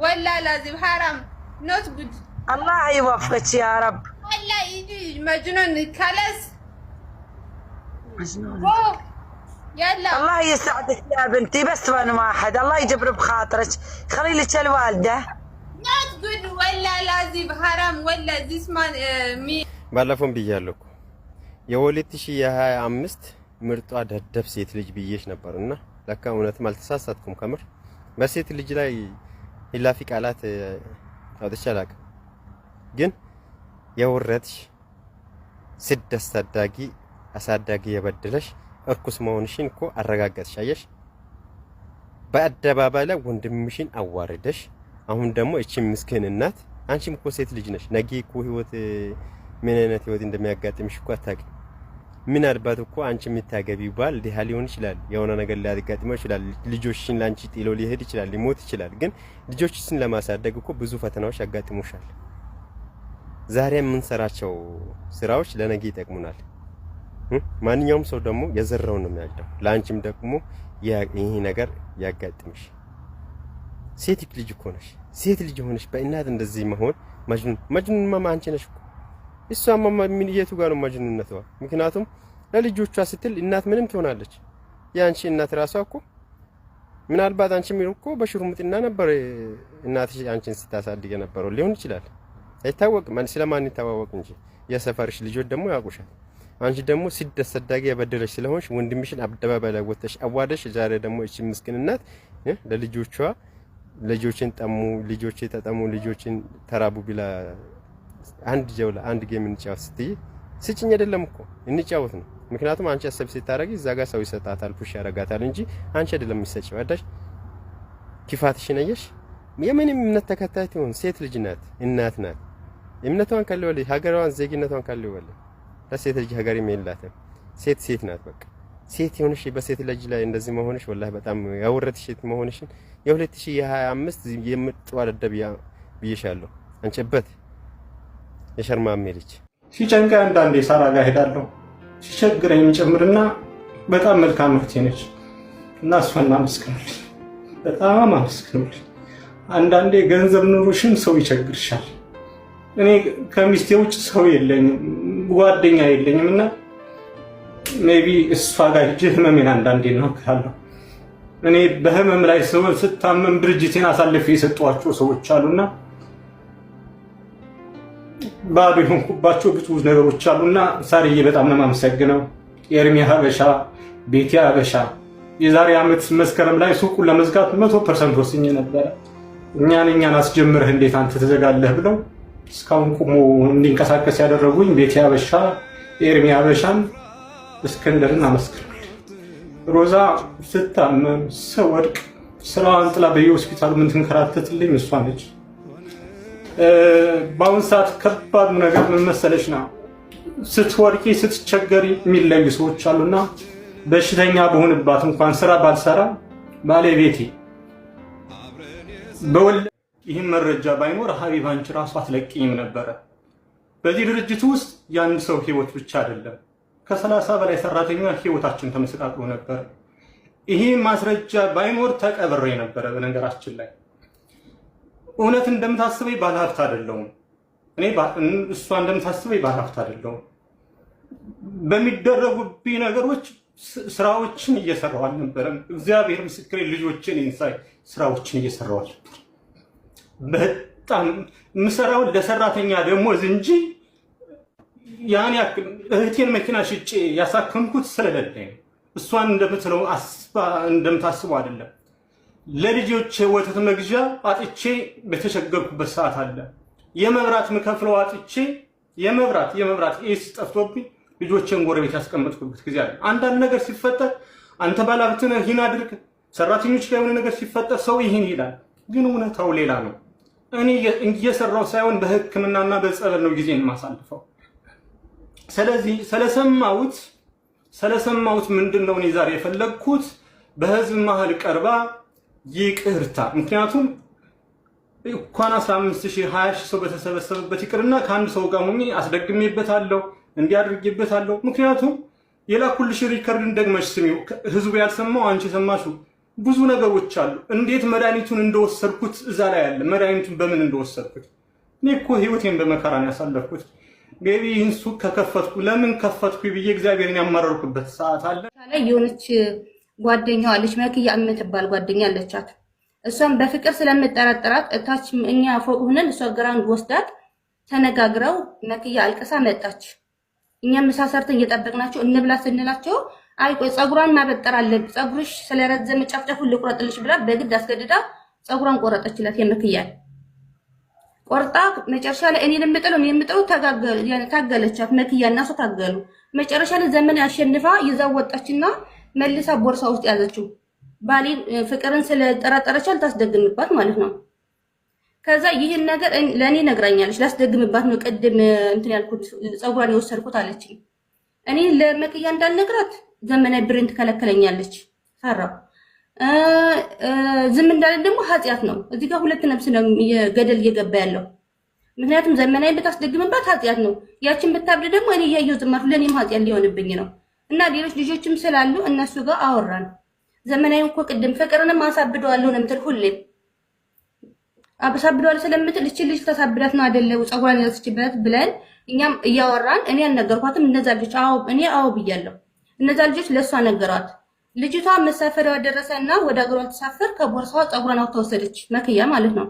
ولا لازم حرام نوت جود الله يوفقك يا رب ولا يجي مجنون كلس مجنون يلا الله يسعدك يا بنتي بس وين واحد الله يجبر بخاطرك خلي لك الوالده نوت جود ولا لازم حرام ولا ذيس مان مي ባለፈውም ብያለሁ እኮ የ2025 ምርጧ ደደብ ادب سيت لج ነበር نبرنا لكا اونت مالتساساتكم كمر بسيت لج لاي ኢላፊ ቃላት አውጥቼ አላውቅም። ግን የውረትሽ ስድ አሳዳጊ አሳዳጊ የበደለሽ እርኩስ መሆንሽን እኮ አረጋገጥሽ። አየሽ፣ በአደባባይ ላይ ወንድምሽን አዋርደሽ፣ አሁን ደግሞ እቺ ምስኪን እናት። አንቺም እኮ ሴት ልጅ ነሽ። ነገ እኮ ህይወት ምን አይነት ህይወት እንደሚያጋጥምሽ እኮ አታውቂም። ምናልባት እኮ አንቺ የምታገቢው ባል ድሃ ሊሆን ይችላል። የሆነ ነገር ሊያጋጥመው ይችላል። ልጆችሽን ለአንቺ ጥሎ ሊሄድ ይችላል፣ ሊሞት ይችላል። ግን ልጆችሽን ለማሳደግ እኮ ብዙ ፈተናዎች ያጋጥሙሻል። ዛሬ የምንሰራቸው ስራዎች ለነገ ይጠቅሙናል። ማንኛውም ሰው ደግሞ የዘራውን ነው የሚያጭደው። ለአንቺም ደግሞ ይህ ነገር ያጋጥምሽ። ሴት ልጅ እኮ ነሽ። ሴት ልጅ ሆነሽ በእናት እንደዚህ መሆን መጅኑን መጅኑንማ አንቺ ነሽ እኮ እሷማ ምን የቱ ጋር ነው ማጅንነቷ? ምክንያቱም ለልጆቿ ስትል እናት ምንም ትሆናለች። የአንቺ እናት ራሷ እኮ ምናልባት አንቺ ምን እኮ በሽርሙጥና ነበር እናትሽ አንቺን ስታሳድግ የነበረው ሊሆን ይችላል። አይታወቅም፣ ስለማን ይታወቅ እንጂ የሰፈርሽ ልጆች ደግሞ ያውቁሻል። አንቺ ደግሞ ስደት ሰዳጊ የበደለች ስለሆንሽ ወንድምሽን አደባባይ ላይ ወጥተሽ አዋደሽ። ዛሬ ደግሞ እቺ ምስኪን እናት ለልጆቿ ልጆችን ጠሙ፣ ልጆች ተጠሙ፣ ልጆችን ተራቡ ቢላ አንድ ጀውላ አንድ ጌም እንጫወት ስትይ ስጭኝ አይደለም እኮ እንጫወት ነው። ምክንያቱም አንቺ አሰብ ስታረጊ እዛ ጋር ሰው ይሰጣታል፣ ፑሽ ያረጋታል እንጂ አንቺ አይደለም የሚሰጪው። አዳሽ ኪፋትሽን ነየሽ የምንም እምነት ተከታይ ትሆን ሴት ልጅ ናት፣ እናት ናት። እምነቷን ካልወለ ሀገሯን ዜግነቷን ካልወለ ለሴት ልጅ ሀገርም የላትም። ሴት ሴት ናት በቃ ሴት የሆነሽ በሴት ልጅ ላይ እንደዚህ መሆንሽ ወላሂ በጣም ሴት መሆንሽን የ2025 የምጥዋደደብ ብዬሻለሁ አንቺበት የሸርማሜ ልጅ ሲጨንቀ አንዳንዴ ሳራ ጋር ሄዳለሁ ሲቸግረኝ ጨምርና በጣም መልካም እህቴ ነች እና እሷን አመስግኑልኝ። በጣም አመስግኑልኝ። አንዳንዴ ገንዘብ ኑሮሽም ሰው ይቸግርሻል። እኔ ከሚስቴ ውጭ ሰው የለኝም፣ ጓደኛ የለኝም እና ሜይ ቢ እሷ ጋር ሂጅ ህመሜን አንዳንዴ እናገራለሁ። እኔ በህመም ላይ ስታመም ድርጅቴን አሳልፌ የሰጧቸው ሰዎች አሉና ባዶ የሆንኩባቸው ብዙ ነገሮች አሉና ሳርዬ በጣም ነው የማመሰግነው። ኤርሚ ሀበሻ፣ ቤቲ ሀበሻ የዛሬ ዓመት መስከረም ላይ ሱቁን ለመዝጋት መቶ ፐርሰንት ወስኜ ነበረ። እኛን እኛን አስጀምረህ እንዴት አንተ ትዘጋለህ ብለው እስካሁን ቁሞ እንዲንቀሳቀስ ያደረጉኝ ቤቲ ሀበሻ፣ ኤርሚ ሀበሻን እስክንድርን አመስግናል። ሮዛ ስታመም፣ ስወድቅ ስራዋን ጥላ በየሆስፒታሉ ምን ትንከራተትልኝ እሷ ነች። በአሁኑ ሰዓት ከባድ ነገር ምን መሰለሽ ነው፣ ስትወድቂ ስትቸገሪ የሚለዩ ሰዎች አሉና በሽተኛ በሆንባት እንኳን ስራ ባልሰራ ባለቤቴ በወለ ይህን መረጃ ባይኖር ሀቢብ አንቺ ራሱ አትለቅኝም ነበረ። በዚህ ድርጅት ውስጥ የአንድ ሰው ህይወት ብቻ አይደለም ከሰላሳ በላይ ሰራተኛ ህይወታችን ተመሰቃቅሎ ነበር። ይሄ ማስረጃ ባይኖር ተቀብሬ ነበረ በነገራችን ላይ እውነት እንደምታስበኝ ባለሀብት አይደለሁም እኔ እሷ እንደምታስበኝ ባለሀብት አይደለሁም። በሚደረጉብኝ ነገሮች ስራዎችን እየሰራሁ አልነበረም። እግዚአብሔር ምስክሬ ልጆችን ኢንሳይ ስራዎችን እየሰራሁ አልነበረ። በጣም የምሰራውን ለሰራተኛ ደሞዝ እንጂ ያን ያክል እህቴን መኪና ሽጬ ያሳከምኩት ስለሌለኝ እሷን እንደምትለው እንደምታስበው አይደለም። ለልጆቼ ወተት መግዣ አጥቼ በተቸገርኩበት ሰዓት አለ። የመብራት ምከፍለው አጥቼ የመብራት የመብራት ኤስ ጠፍቶብኝ ልጆቼን ጎረቤት ያስቀመጥኩበት ጊዜ አለ። አንዳንድ ነገር ሲፈጠር አንተ ባላብትነ ይህን አድርግ፣ ሰራተኞች ላይ የሆነ ነገር ሲፈጠር ሰው ይህን ይላል። ግን እውነታው ሌላ ነው። እኔ እየሰራው ሳይሆን በህክምናና በጸበል ነው ጊዜን የማሳልፈው። ስለዚህ ስለሰማሁት ስለሰማሁት ምንድን ነው እኔ ዛሬ የፈለግኩት በህዝብ መሀል ቀርባ ይቅርታ። ምክንያቱም እንኳን 15 ሺህ ሰው በተሰበሰበበት ይቅርና ከአንድ ሰው ጋር ሆኜ አስደግሜበታለሁ፣ እንዲያድርጌበታለሁ። ምክንያቱም የላኩልሽ ሪከርድን ደግመሽ ስሚው። ህዝቡ ያልሰማው አንቺ የሰማሽው ብዙ ነገሮች አሉ። እንዴት መድኃኒቱን እንደወሰድኩት እዛ ላይ አለ። መድኃኒቱን በምን እንደወሰድኩት እኔ እኮ ህይወቴን በመከራ ያሳለፍኩት። ቤቢ ይህን ሱቅ ከከፈትኩ ለምን ከፈትኩ ብዬ እግዚአብሔርን ያማረርኩበት ሰዓት አለ። ጓደኛዋ አለች መክያ የምትባል ጓደኛ አለቻት። እሷም በፍቅር ስለምጠረጥራት እታች እኛ ፎቅ ሆነን እሷ ግራውንድ ወስዳት ተነጋግረው መክያ አልቅሳ መጣች። እኛ ምሳ ሰርተን እየጠበቅናቸው እንብላ ስንላቸው አይ ቆይ ፀጉሯን ማበጠር አለብኝ ፀጉርሽ ስለረዘመ ጫፍጫፉ ልቁረጥልሽ ብላ በግድ አስገድዳ ፀጉሯን ቆረጠችላት። የመክያል ቆርጣ መጨረሻ ላይ እኔ ለምጠለው እኔ ለምጠለው ታገለቻት። መክያ እና እሷ ታገሉ። መጨረሻ ላይ ዘመን ያሸንፋ ይዛው ወጣችና መልሳ ቦርሳ ውስጥ ያዘችው። ባሌ ፍቅርን ስለጠራጠረችው ልታስደግምባት ማለት ነው። ከዛ ይህን ነገር ለእኔ ነግራኛለች። ላስደግምባት ነው ቅድም እንትን ያልኩት ፀጉሯን የወሰድኩት አለች። እኔ ለመቅያ እንዳልነግራት ዘመነ ብሬን ትከለከለኛለች። ፈራው። ዝም እንዳለ ደግሞ ኃጢአት ነው። እዚህ ጋር ሁለት ነፍስ ነው ገደል እየገባ ያለው። ምክንያቱም ዘመናዊ ብታስደግምባት ኃጢአት ነው። ያችን ብታብድ ደግሞ እኔ እያየው ዝማር ለእኔም ኃጢአት ሊሆንብኝ ነው። እና ሌሎች ልጆችም ስላሉ እነሱ ጋር አወራን። ዘመናዊ እኮ ቅድም ፍቅርንም አሳብደዋለሁ ነው የምትል ሁሌም አሳብደዋለሁ ስለምትል እቺ ልጅ ተሳብዳት ነው አይደለው ፀጉሯን ያስችበት ብለን እኛም እያወራን እኔ አልነገርኳትም። እነዛ ልጆች አዎ እኔ አዎ ብያለሁ። እነዛ ልጆች ለእሷ ነገሯት። ልጅቷ መሳፈሪያዋ ደረሰና ወደ አገሯ ተሳፈር ከቦርሳዋ ፀጉሯን አውተወሰደች መክያ ማለት ነው።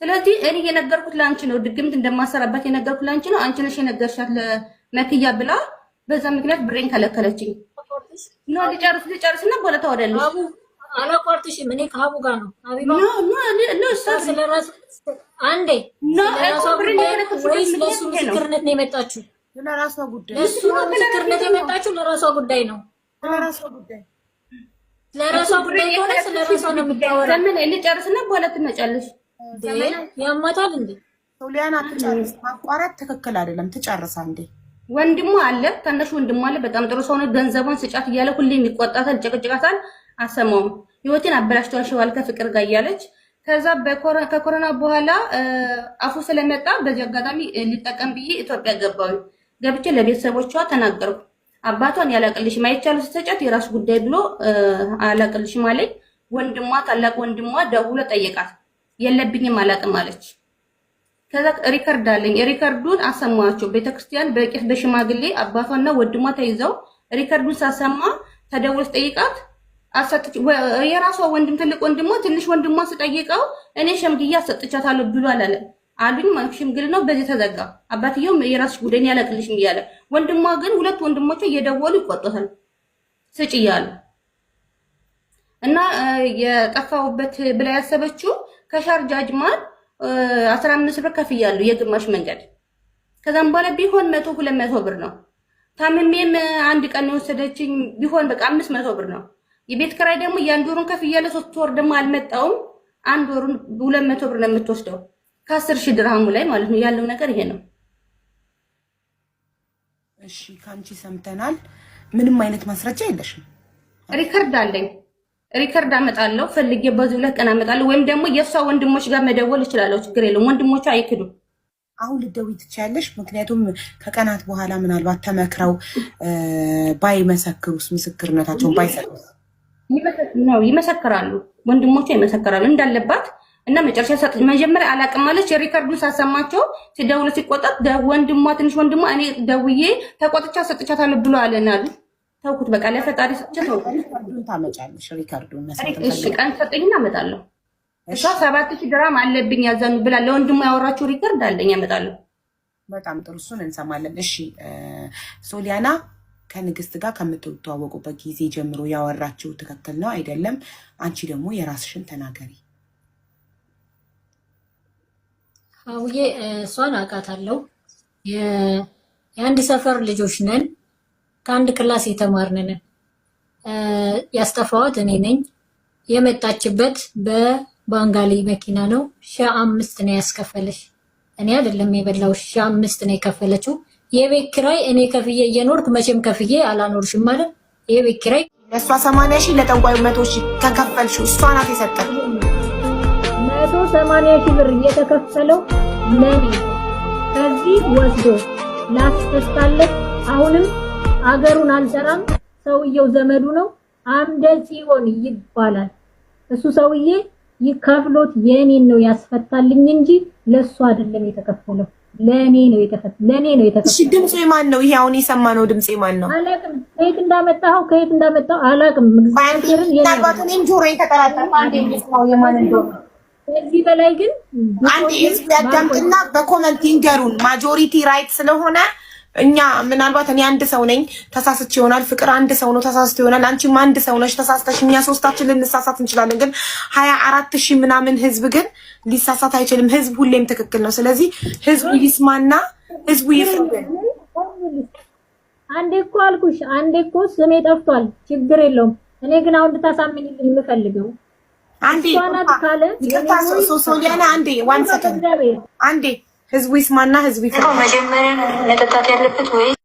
ስለዚህ እኔ የነገርኩት ለአንቺ ነው፣ ድግምት እንደማሰራበት የነገርኩት ለአንቺ ነው። አንቺ ነሽ የነገርሻት ለመክያ ብላ በዛ ምክንያት ብሬን ከለከለችኝ። ኖ ልጨርስ ልጨርስ እና በኋላ ታወዳለች። አላቋርጥሽም። እኔ ከሀቡ ጋር ነው። አንዴ ስለሱ ምስክርነት ነው የመጣችሁ። ለራሷ ጉዳይ እሱ ነው ምስክርነት የመጣችሁ። ለራሷ ጉዳይ ነው። ለራሷ ጉዳይ ለራሷ ጉዳይ ከሆነ ስለራሷ ነው የምታወራው። ልጨርስ እና በኋላ ትመጫለሽ። ያማታል እንዴ ሶሊያና፣ ትጨርስ ማቋረጥ ትክክል አይደለም። ትጨርስ አንዴ ወንድሟ አለ፣ ታናሽ ወንድሙ አለ። በጣም ጥሩ ሰው ነው። ገንዘቡን ስጫት እያለ ሁሌም ይቆጣታል፣ ጨቅጭቃታል፣ አሰማውም። ህይወቴን አበላሽቷል ሽዋል ከፍቅር ጋር እያለች ከዛ ከኮሮና በኋላ አፉ ስለመጣ በዚህ አጋጣሚ ሊጠቀም ብዬ ኢትዮጵያ ገባሁ። ገብቼ ለቤተሰቦቿ ተናገርኩ። አባቷን ያላቅልሽ ማይቻሉ ስትጫት የራሱ ጉዳይ ብሎ አላቅልሽ ማለኝ። ወንድሟ ታላቅ ወንድሟ ደውሎ ጠየቃት። የለብኝም አላቅም አለች። ከዛ ሪከርድ አለኝ። ሪከርዱን አሰማቸው። ቤተክርስቲያን በቄስ በሽማግሌ አባቷና ወንድሟ ተይዘው ሪከርዱን ሳሰማ ተደውል ጠይቃት አሰጥች። የራሷ ወንድም ትልቅ ወንድሟ ትንሽ ወንድሟ ስጠይቀው እኔ ሸምግዬ አሰጥቻታለሁ ብሏል አለ አሉኝ። ማን ሽምግልና ነው በዚህ ተዘጋ። አባትየው የራስሽ ጉደን ያለቅልሽ እያለ ወንድሟ ግን ሁለት ወንድሞቹ እየደወሉ ይቆጡታል ስጭ እያሉ እና የጠፋውበት ብላ ያሰበችው ከሻርጃ አጅማል አስራ አምስት ብር እያሉ የግማሽ መንገድ። ከዛም በኋላ ቢሆን መቶ ሁለት መቶ ብር ነው። ታምሜም አንድ ቀን የወሰደችኝ ቢሆን በቃ አምስት መቶ ብር ነው። የቤት ኪራይ ደግሞ የአንድ ወሩን እያለ ሶስት ወር ደግሞ አልመጣውም። አንድ ወሩን ሁለት መቶ ብር ነው የምትወስደው ከአስር ሺህ ድርሃሙ ላይ ማለት ነው። ያለው ነገር ይሄ ነው። እሺ፣ ከአንቺ ሰምተናል። ምንም አይነት ማስረጃ የለሽም? ሪከርድ አለኝ ሪከርድ አመጣለሁ ፈልጌ በዚህ ሁለት ቀን አመጣለሁ። ወይም ደግሞ የእሷ ወንድሞች ጋር መደወል እችላለሁ። ችግር የለም። ወንድሞቹ አይክዱም። አሁን ልደውይ ትችያለሽ። ምክንያቱም ከቀናት በኋላ ምናልባት ተመክረው ባይመሰክሩስ ምስክርነታቸውን ባይሰጡስ ነው ይመሰክራሉ። ወንድሞቹ ይመሰክራሉ እንዳለባት እና መጨረሻ ሰጥ መጀመሪያ አላቅም አለች። የሪከርዱን ሳሰማቸው ሲደውሉ ሲቆጣት ወንድሟ ትንሽ ወንድሟ እኔ ደውዬ ተቆጥቻ ሰጥቻታለሁ ብሎ አለን አሉ ተውኩት። በቃ ለፈጣሪ ስጭ ተውኩትሪካርዱን ታመጫለሽ። ሪካርዱን እሺ፣ ቀን ሰጠኝና አመጣለሁ። እሷ ሰባት ሺህ ድራም አለብኝ ያዘኑ ብላ ለወንድሙ ያወራችው ሪከርድ አለኝ፣ አመጣለሁ። በጣም ጥሩ፣ እሱን እንሰማለን። እሺ ሶሊያና ከንግስት ጋር ከምትተዋወቁበት ጊዜ ጀምሮ ያወራችው ትክክል ነው አይደለም? አንቺ ደግሞ የራስሽን ተናገሪ። አውዬ እሷን አውቃታለሁ። የአንድ ሰፈር ልጆች ነን ከአንድ ክላስ የተማርንንን ያስተፋዋት እኔ ነኝ። የመጣችበት በባንጋሊ መኪና ነው። ሺ አምስት ነው ያስከፈለሽ፣ እኔ አይደለም የበላው። ሺ አምስት ነው የከፈለችው። የቤት ኪራይ እኔ ከፍዬ እየኖርኩ መቼም ከፍዬ አላኖርሽም ማለት የቤት ኪራይ ለእሷ ሰማንያ ሺህ ለጠንቋዩ መቶ ሺህ ከከፈልሽው እሷ ናት የሰጠች መቶ ሰማንያ ሺህ ብር እየተከፈለው ለኔ ከዚህ ወስዶ ላስፈስታለች አሁንም አገሩን አልጠራም። ሰውየው ዘመዱ ነው። አምደ ጽዮን ይባላል። እሱ ሰውዬ ይከፍሎት የኔን ነው ያስፈታልኝ እንጂ ለሱ አይደለም የተከፈለው። ለኔ ነው የተከፈለው። ነው የተከፈለው። እሺ ድምጽ ነው? ይሄ አሁን የሰማነው ድምጽ ማን ነው? አላቅም። ከየት እንዳመጣው ከየት እንዳመጣው አላቅም። እግዚአብሔርን የናባቱን እንጆሮ የማን እንደሆነ ከዚህ በላይ ግን አንድ ያዳምጥና በኮመንት ይንገሩን። ማጆሪቲ ራይት ስለሆነ እኛ ምናልባት እኔ አንድ ሰው ነኝ ተሳስች ይሆናል። ፍቅር አንድ ሰው ነው ተሳስቶ ይሆናል። አንቺም አንድ ሰው ነሽ ተሳስተሽ፣ እኛ ሶስታችን ልንሳሳት እንችላለን። ግን ሀያ አራት ሺህ ምናምን ህዝብ ግን ሊሳሳት አይችልም። ህዝብ ሁሌም ትክክል ነው። ስለዚህ ህዝቡ ይስማና ህዝቡ ይፍርብን። አንዴ እኮ አልኩሽ፣ አንዴ እኮ ስሜ ጠፍቷል። ችግር የለውም። እኔ ግን አሁን ልታሳምኝ የምፈልገው አንዴ ይቅርታ፣ አንዴ ዋን ሰከንድ አንዴ ህዝቡ ይስማና ህዝቡ ይፈ መጀመሪያ መጠጣት ያለበት ወይ